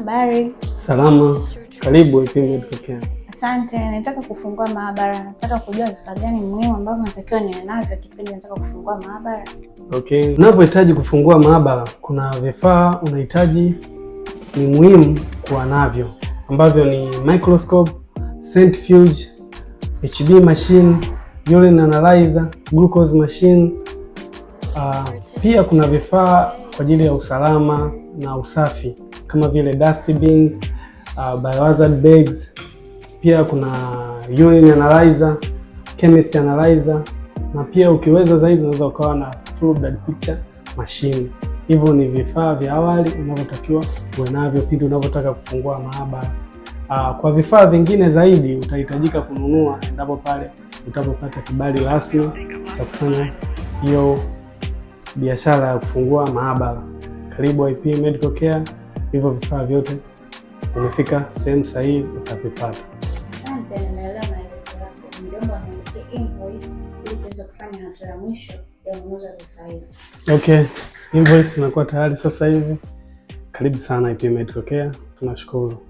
Habari. Salama. Karibu IPM Medical Camp. Asante. Nataka kufungua maabara, nataka kujua vifaa gani muhimu ambavyo natakiwa niwe navyo kipindi nataka kufungua maabara. Okay. Unavyohitaji kufungua maabara, kuna vifaa unahitaji ni muhimu kuwa navyo ambavyo ni microscope, centrifuge, HB machine, urine analyzer, glucose machine. Uh, pia kuna vifaa kwa ajili ya usalama na usafi kama vile dustbins, uh, biohazard bags. Pia kuna urine analyzer, chemistry analyzer na pia ukiweza zaidi unaweza ukawa na full blood picture machine. Hivyo ni vifaa vya awali unavyotakiwa uwe navyo pindi unavyotaka kufungua maabara. Uh, kwa vifaa vingine zaidi utahitajika kununua endapo pale utapopata kibali rasmi cha kufanya hiyo biashara ya kufungua maabara. Karibu IP Medical Care hivyo vifaa vyote umefika sehemu sahihi utavipata. Asante, nimeelewa maelezo yako. invoice ili tuweze kufanya hatua ya mwisho ya ununuzi wa vifaa hivi. Okay, invoice inakuwa tayari sasa hivi. Karibu sana IPM Medical Care, tunashukuru.